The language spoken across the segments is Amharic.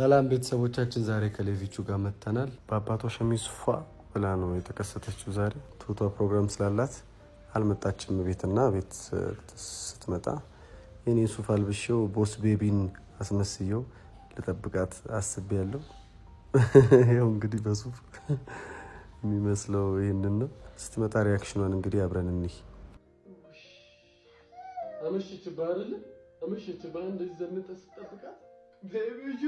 ሰላም ቤተሰቦቻችን፣ ዛሬ ከሌቪቹ ጋር መጥተናል። በአባቷ ሸሚዝ ፏ ብላ ነው የተከሰተችው። ዛሬ ቱቷ ፕሮግራም ስላላት አልመጣችም ቤትና ቤት ስትመጣ የኔ ሱፍ አልብሼው ቦስ ቤቢን አስመስየው ልጠብቃት አስቤ ያለው ያው እንግዲህ በሱፍ የሚመስለው ይህንን ነው። ስትመጣ ሪያክሽኗን እንግዲህ አብረን እኒህ አመሽችባ አይደለ አመሽችባ እንደዚህ ዘንጠ ስጠብቃት ቤቢ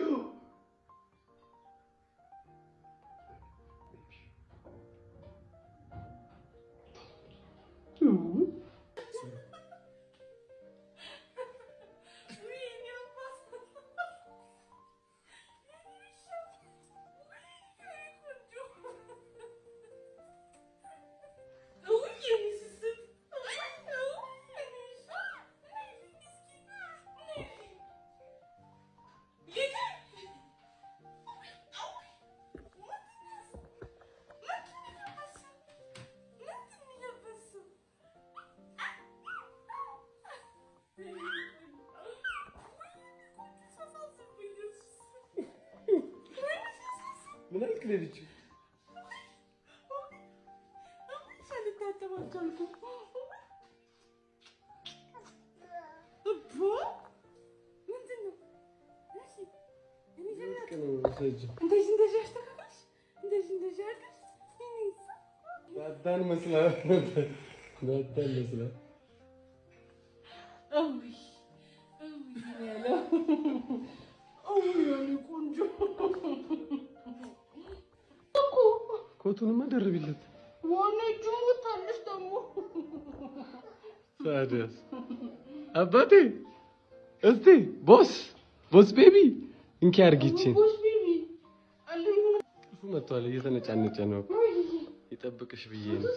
ne biçim? Sen de tatlı bakalım. Bu? Nedir o? Nasıl? Ne zaman? Nasılcım? Dejin dejerdi kaç? Dejin dejerdi. Neyse. Zaten mesela. Zaten mesela. Oy. Oy. Ne lan? Oy yani koncum. ኮቱንማ ደርብለት። አባቴ እስቲ ቦስ ቦስ ቤቢ እንኪ አርጊችን መጥቷል። እየተነጫነጨ ነው። ይጠብቅሽ ብዬ ነው።